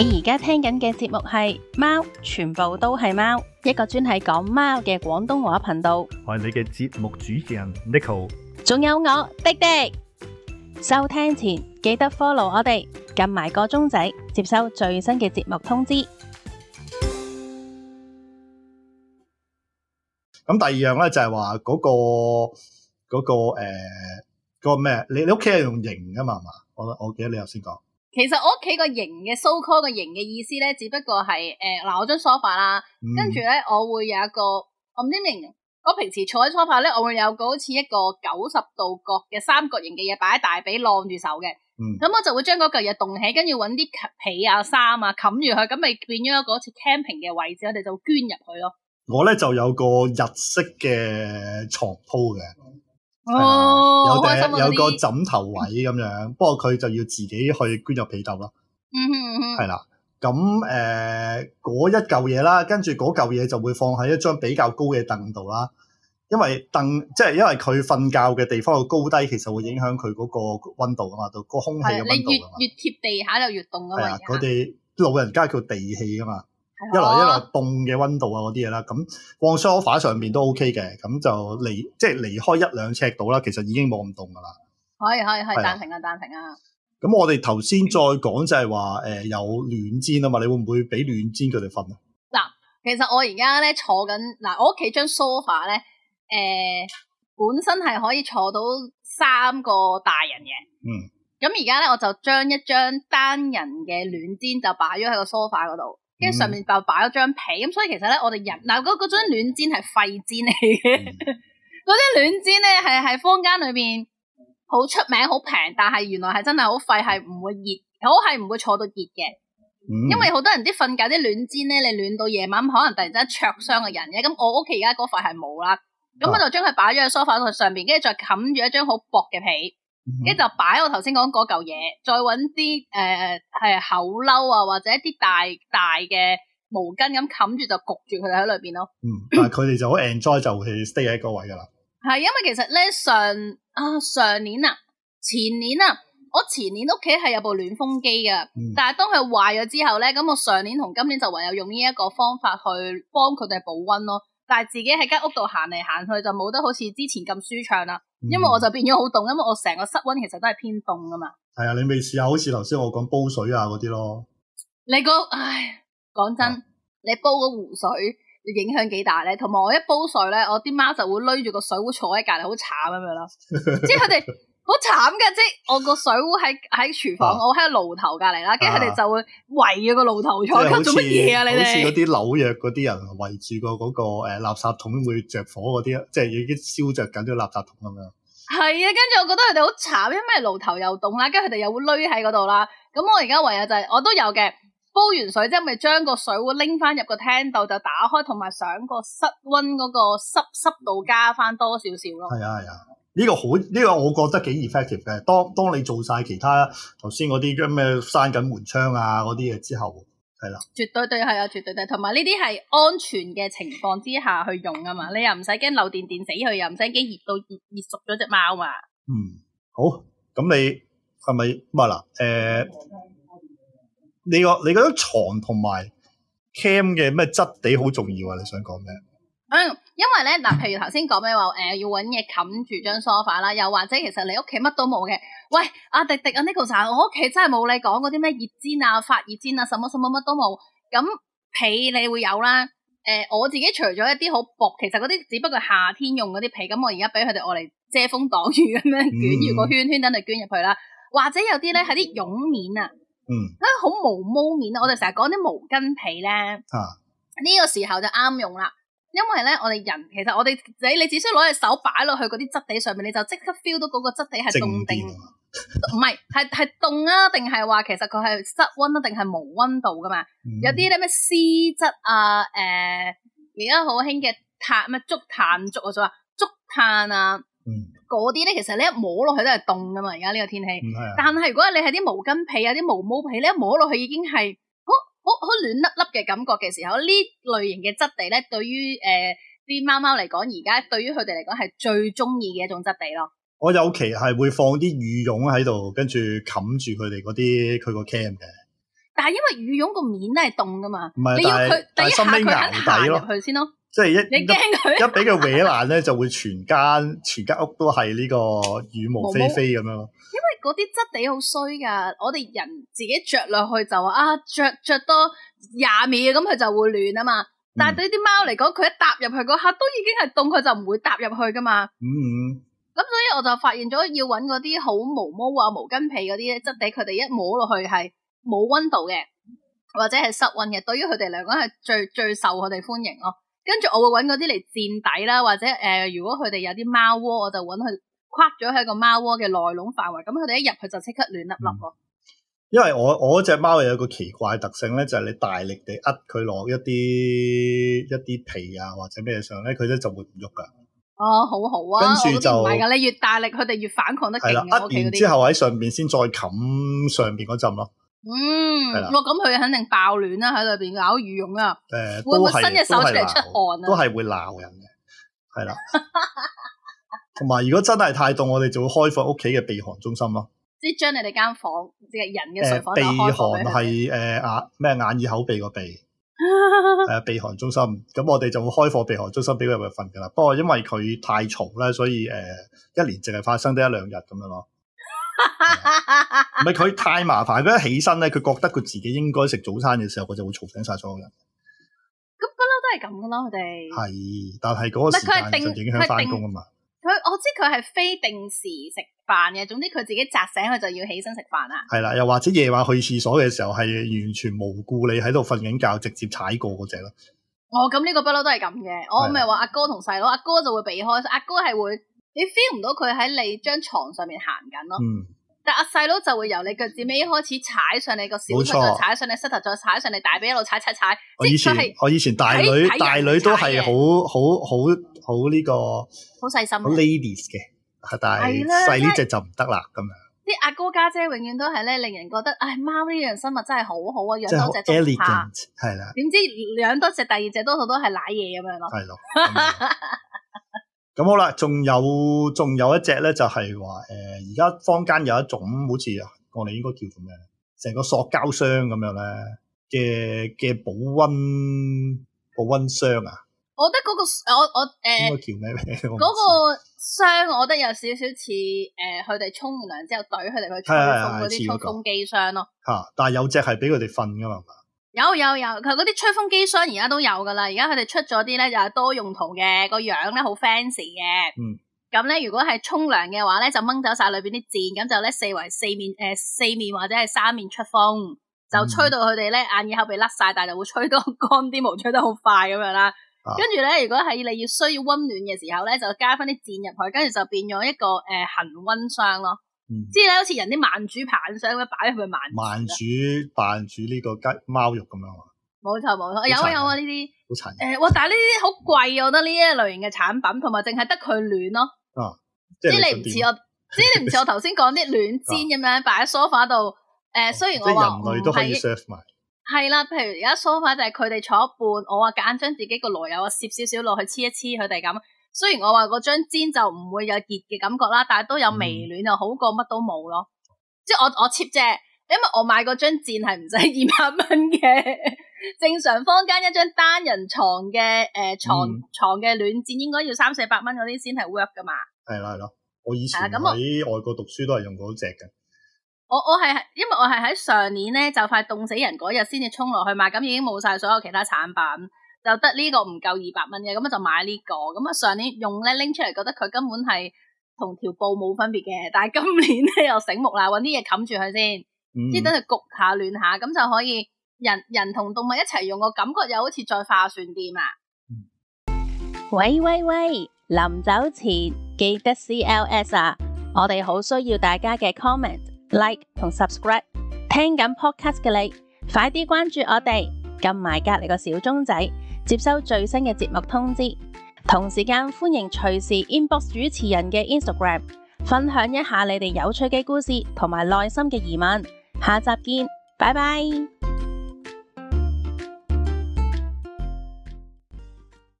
你而家聽緊嘅節目係《貓》，全部都係貓，一個專係講貓嘅廣東話頻道。我係你嘅節目主持人 Neko，仲有我廸廸。收聽前記得 follow 我哋，撳埋個鐘仔，接收最新嘅節目通知。咁第二樣咧就係話嗰個嗰個誒，嗰個咩？你你屋企係用型噶嘛係嘛？我我記得你頭先講。其實我屋企個型嘅 so-called 個型嘅意思咧，只不過係誒嗱，我張梳化啦，嗯、跟住咧我會有一個，我唔知明。我平時坐喺梳化咧，我會有個好似一個九十度角嘅三角形嘅嘢擺喺大髀晾住手嘅。咁、嗯、我就會將嗰嚿嘢動起，跟住搵啲被啊、衫啊冚住佢，咁咪變咗一個好似 camping 嘅位置，我哋就捐入去咯。我咧就有個日式嘅床鋪嘅。哦，有頂的些有個枕頭位咁樣， 不過佢就要自己去捐入被竇咯。嗯哼， 係啦。咁、呃、誒，嗰一嚿嘢啦，跟住嗰嚿嘢就會放喺一張比較高嘅凳度啦。因為凳即係因為佢瞓覺嘅地方嘅高低，其實會影響佢嗰個溫度啊嘛。到個的空氣嘅溫度啊嘛。越越貼地下就越凍啊嘛。係啊，佢哋啲老人家叫地氣啊嘛。 一來一來凍嘅温度啊，嗰啲嘢啦，咁放 sofa 上邊都 OK 嘅，咁就離即係、就係、離開一兩尺度啦，其實已經冇咁凍噶啦。可以可以可以，贊成啊贊成啊。咁我哋頭先再講就係話誒有暖氈啊嘛，你會唔會俾暖氈佢哋瞓啊？嗱，其實我而家咧坐緊嗱，我屋企張 sofa 咧誒本身係可以坐到三個大人嘅。嗯。咁而家咧我就將一張單人嘅暖氈就擺咗喺個 sofa 嗰度。跟住上面就擺咗張被，咁、嗯嗯、所以其實咧，我哋人嗱嗰張暖氈係廢氈嚟嘅，嗰張、嗯、 暖氈咧係係坊間裏邊好出名、好平，但係原來係真係好廢，係唔會熱，好係唔會坐到熱嘅，嗯、因為好多人啲瞓覺啲暖氈咧，你暖到夜晚可能突然間灼傷嘅人嘅，咁我屋企而家嗰塊係冇啦，咁、啊、我就將佢擺咗喺梳化度上邊，跟住再冚住一張好薄嘅被。跟住就擺我頭先講嗰嚿嘢，再揾啲誒係厚褸啊，或者一啲大大嘅毛巾咁冚住，就焗住佢哋喺裏邊咯。嗯，但係佢哋就好 enjoy， 就會 stay 喺個位噶啦。係因為其實咧上啊上年啊前年啊，我前年屋企係有部暖風機噶，嗯、但係當佢壞咗之後咧，咁我上年同今年就唯有用呢一個方法去幫佢哋保溫咯。但係自己喺間屋度行嚟行去就冇得好似之前咁舒暢啦，因為我就變咗好凍，因為我成個室温其實都係偏凍㗎嘛。係啊，你未試下，好似頭先我講煲水啊嗰啲咯。你個唉，講真，的你煲個壺水，影響幾大咧？同埋我一煲水咧，我啲貓就會攣住個水壺坐喺隔籬，好慘咁樣囉。即係佢哋。 好慘噶，即係我個水壺喺喺廚房，啊、我喺個爐頭隔籬啦，跟住佢哋就會圍住個爐頭坐，做乜嘢啊？你哋？即係好似啲紐約嗰啲人圍住個個誒垃圾桶會着火嗰啲，即係已經燒着緊啲垃圾桶咁樣。係啊，跟住我覺得佢哋好慘，因為爐頭又凍啦，跟住佢哋又會匿喺嗰度啦。咁我而家唯有就係、是，我都有嘅，煲完水之後咪將個水壺拎翻入個廳度就打開，同埋上個室溫嗰個濕濕度加翻多少少咯。係啊，係啊。呢個好，呢個我覺得幾 effective 嘅。當當你做晒其他頭先嗰啲咩閂緊門窗啊嗰啲嘢之後，係啦，絕對對係啊，絕對對。同埋呢啲係安全嘅情況之下去用啊嘛，你又唔使驚漏電電死佢，又唔使驚熱到熱熟咗隻貓嘛。嗯，好。咁你係咪？咪啦？誒、呃，你個你嗰張床同埋 cam 嘅咩質地好重要啊？你想講咩？嗯，因為咧嗱，譬如頭先講咩話，誒、呃，要搵嘢冚住張梳化啦，又或者其實你屋企乜都冇嘅，喂，阿、啊、迪迪啊 Neko 我屋企真係冇你講嗰啲咩熱氈啊、發熱氈啊，什麼什麼乜都冇，咁被你會有啦，誒、呃，我自己除咗一啲好薄，其實嗰啲只不過夏天用嗰啲被，咁我而家俾佢哋我嚟遮風擋雨咁樣捲住個圈、嗯、 圈，等你捲入去啦，或者有啲咧係啲絨面啊，嗯，啊好毛毛面，毛啊。我哋成日講啲毛巾被咧，啊，呢個時候就啱用啦。因為咧，我哋人其實我哋你你只需攞隻手擺落去嗰啲質地上面，你就即刻 feel 到嗰個質地係凍定，唔係係係凍啊，定係話其實佢係室温啊，定係冇温度噶嘛？嗯、有啲咧咩絲質啊，誒而家好興嘅炭咩竹炭竹啊，仲話竹炭啊，嗰啲咧其實你一摸落去都係凍噶嘛，而家呢個天氣。啊、但係如果你係啲毛巾被啊，啲毛毛被咧，你一摸落去已經係。好好暖粒粒嘅感覺嘅時候，呢類型嘅質地咧，對於誒啲、呃、貓貓嚟講，而家對於佢哋嚟講係最中意嘅一種質地咯。我有時係會放啲羽絨喺度，跟住冚住佢哋嗰啲佢個 cam 嘅。但係因為羽絨個面咧係凍㗎嘛，唔係你要佢第但一下佢肯入去先咯。即係一，你怕 一俾佢搲爛咧，就會全間全間屋都係呢個羽毛飛飛咁樣咯。因為嗰啲質地好衰噶，我哋人自己着落去就話啊，着着多廿秒咁，佢就會暖啊嘛。但對啲貓嚟講，佢一踏入去嗰刻，都已經係凍，佢就唔會踏入去噶嘛。嗯，嗯。咁所以我就發現咗，要搵嗰啲好毛毛啊、毛巾被嗰啲質地，佢哋一摸落去係冇溫度嘅，或者係濕溫嘅，對於佢哋嚟講係最最受佢哋歡迎咯。跟住我會揾嗰啲嚟墊底啦，或者誒、呃，如果佢哋有啲貓窩，我就揾佢跨咗喺個貓窩嘅內籠範圍。咁佢哋一入去就即刻亂甩甩咯。因為我我隻貓有個奇怪特性咧，就係、是、你大力地呃佢落一啲一啲皮啊或者咩嘢上咧，佢咧就會唔喐噶。哦，好好啊，跟住就唔係噶，你越大力佢哋越反抗得勁。呃完之後喺上邊先再冚上邊嗰陣咯。嗯，我諗佢肯定爆暖啦，喺裏邊咬羽絨啊，誒、呃，會會伸隻手出嚟出汗啊？都係會鬧人嘅，係啦。同埋 如果真係太凍，我哋就會開放屋企嘅避寒中心咯。即係將你哋間房，即係人嘅房，打開放避寒係誒啊咩眼耳口鼻個鼻誒避寒中心，咁我哋就會開放避寒中心俾佢入去瞓噶啦。不過因為佢太嘈啦，所以誒、呃、一年淨係發生得一兩日咁樣咯。唔係佢太麻煩，佢一起身咧，佢覺得佢自己應該食早餐嘅時候，佢就會嘈醒晒所有人。咁不嬲都係咁咯，佢哋係，但係嗰個時間就影響翻工啊嘛。佢我知佢係非定時食飯嘅，總之佢自己扎醒佢就要起身食飯啊。係啦，又或者夜晚去廁所嘅時候，係完全無故你喺度瞓緊覺，直接踩過嗰隻咯。哦，咁呢個不嬲都係咁嘅。我咪話阿哥同細佬，阿哥就會避開，阿哥係會。你 feel 唔到佢喺你張床上面行緊咯，但阿細佬就會由你腳趾尾開始踩上你個小腿，再踩上你膝頭，再踩上你大髀一路踩踩踩。即係我以前大女大女都係好好好好呢個好細心，好 ladies 嘅，但係細呢隻就唔得啦咁樣。啲阿哥家姐永遠都係咧令人覺得，唉，貓呢樣生物真係好好啊，養多隻都唔怕，係啦。點知養多隻第二隻多數都係瀨嘢咁樣咯。咁好啦，仲有仲有一隻咧，就係話誒，而家坊間有一種好似呀，我哋應該叫做咩，成個塑膠箱咁樣咧嘅嘅保溫保溫箱啊。我覺得嗰、那個嗰個我我誒，呃、應該叫咩名？嗰個箱，我覺得有少少似誒，佢哋沖完涼之後懟佢哋去沖嗰啲沖機箱咯。嚇、嗰個啊！但係有隻係俾佢哋瞓噶嘛。有有有，佢嗰啲吹風機箱而家都有噶啦，而家佢哋出咗啲咧就係多用途嘅，個樣咧好 fancy 嘅。嗯，咁咧如果係沖涼嘅話咧，就掹走晒裏邊啲箭，咁就咧四圍四面誒、呃、四面或者係三面出風，嗯、就吹到佢哋咧眼耳口鼻甩晒，但係就會吹到乾啲毛，吹得好快咁樣啦。啊、跟住咧，如果係你要需要温暖嘅時候咧，就加翻啲箭入去，跟住就變咗一個誒、呃、恒温箱咯。即係咧，好似人啲慢煮棒上咁樣擺喺佢慢慢煮，扮煮呢個雞貓肉咁樣啊？冇錯冇錯，有啊有啊呢啲，好殘忍誒！哇但係呢啲好貴，我覺得呢一類型嘅產品，同埋淨係得佢暖咯。哦，即係你唔似我，即係你唔似我頭先講啲暖氈咁樣擺喺梳化度。誒，雖然我人類都可以 serve 埋，係啦。譬如而家梳化就係佢哋坐一半，我話夾硬將自己個籮柚啊攝少少落去黐一黐佢哋咁。雖然我話嗰張氈就唔會有熱嘅感覺啦，但係都有微暖啊，好過乜都冇咯。嗯、即係我我 cheap 隻，因為我買嗰張氈係唔使二百蚊嘅， 正常坊間一張單人床嘅誒牀牀嘅暖氈應該要三四百蚊嗰啲先係 work 噶嘛。係啦係啦，我以前喺外國讀書都係用嗰隻嘅。我我係因為我係喺上年咧就快凍死人嗰日先至衝落去買，咁已經冇晒所有其他產品。就得呢個唔夠二百蚊嘅，咁啊就買呢個。咁啊上年用，咧拎出嚟，覺得佢根本係同條布冇分別嘅。但係今年咧又醒目啦，搵啲嘢冚住佢先，即等佢焗下暖下，咁就可以人人同動物一齊用個感覺，又好似再化算啲嘛。嗯、喂喂喂，臨走前記得 CLS 啊！我哋好需要大家嘅 comment、like 同 subscribe。聽緊 podcast 嘅你，快啲關注我哋，撳埋隔籬個小鐘仔。接收最新嘅節目通知，同時間歡迎隨時 inbox 主持人嘅 Instagram，分享一下你哋有趣嘅故事同埋內心嘅疑問。下集見，拜拜。